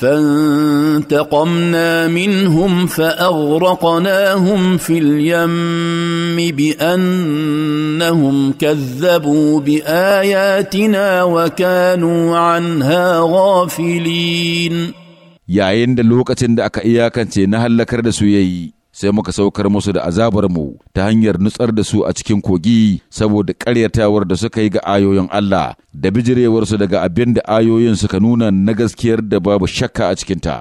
فانتقمنا منهم فاغرقناهم في اليم بانهم كذبوا باياتنا وكانوا عنها غافلين يا da lokacin da aka iyakance na hallakar sai muka saukar musu da azabar mu ta hanyar nutsar da su a cikin kogi saboda karyatawar da suka yi ga ayoyin Allah da bijirewarsu daga abin da ayoyin suka nuna na gaskiyar da babu shakka a cikinta.